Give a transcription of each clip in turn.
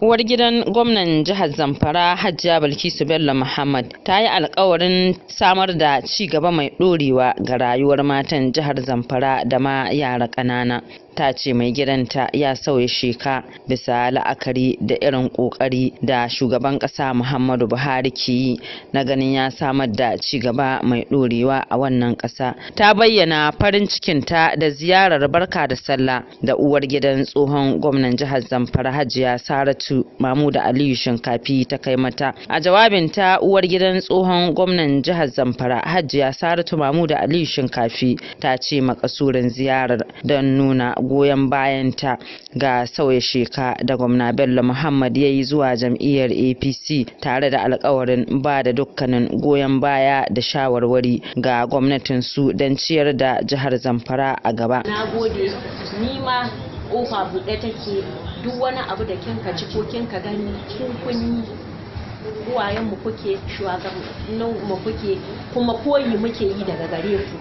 uwar gidan gwamnan jihar zamfara hajiya bilkisu bello muhammad ta yi alkawarin samar da ci gaba mai ɗorewa ga rayuwar matan jihar zamfara da ma yara ƙanana ta ce mai gidanta ya sauya sheka bisa la'akari da irin ƙoƙari da shugaban ƙasa muhammadu buhari ke yi na ganin ya samar da ci gaba mai ɗorewa a wannan ƙasa, ta bayyana farin cikinta da ziyarar barka da sallah da uwar gidan tsohon gwamnan jihar zamfara hajiya saratu Hafsatu Aliyu Shinkafi ta kai mata. A jawabin ta uwar gidan tsohon gwamnan jihar Zamfara Hajiya Saratu Mahmud Aliyu Shinkafi ta ce makasurin ziyarar don nuna goyon bayan ta ga sauya sheka da gwamna Bello Muhammad ya yi zuwa jam'iyyar APC tare da alkawarin ba da dukkanin goyon baya da shawarwari ga gwamnatin su don ciyar da jihar Zamfara a gaba. Na gode, ni ma buɗe take duk wani abu da kinka ci ko kin gani kin kun uwayen mu kuke shugabannin mu kuke kuma koyi muke yi daga gare ku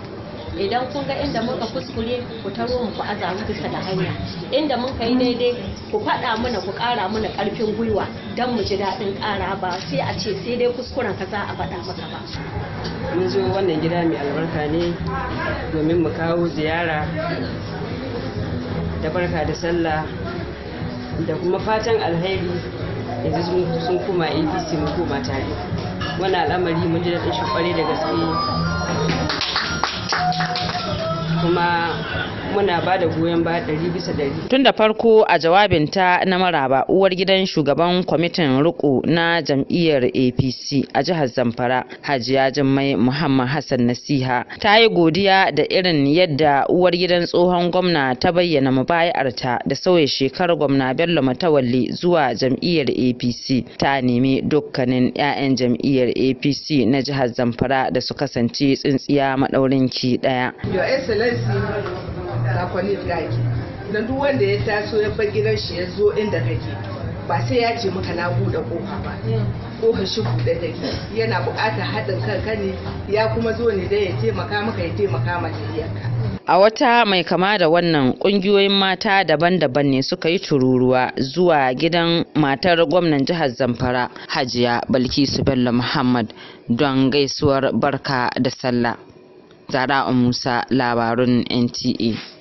idan kun ga inda muka kuskure ku taro mu ku aza da hanya inda mun kai daidai ku faɗa mana ku ƙara mana ƙarfin gwiwa don mu ji daɗin ƙara ba sai a ce sai dai kuskuren ka za a faɗa maka ba mun zo wannan gida mai albarka ne domin mu kawo ziyara da barka da sallah da kuma fatan alheri yanzu sun koma apc mu kuma tare wani al'amari mun ji daɗin shi kwarai da gaske kuma muna ba da goyon baya ɗari bisa ɗari. Tun da farko a jawabinta na maraba uwar gidan shugaban kwamitin riko na jam'iyyar APC a jihar Zamfara Hajiya Jummai Muhammad Hassan Nasiha ta yi godiya da irin yadda uwar gidan tsohon gwamna ta bayyana mubayarta da sauya shekarar gwamna Bello Matawalle zuwa jam'iyyar APC ta nemi dukkanin 'ya'yan jam'iyyar APC na jihar Zamfara da su kasance tsintsiya maɗaurin ɗaya. akwalit gaki dan duk wanda ya taso ya bar gidan shi ya zo inda kake ba sai ya ce maka na buɗe kofa ba kofa shi buɗe take yana buƙatar haɗin kanka ne ya kuma zo ne da ya taimaka maka ya taimaka ma ka. a wata mai kama da wannan ƙungiyoyin mata daban-daban ne suka yi tururuwa zuwa gidan matar gwamnan jihar zamfara hajiya balkisu bello muhammad don gaisuwar barka da sallah zara musa labarun nta e.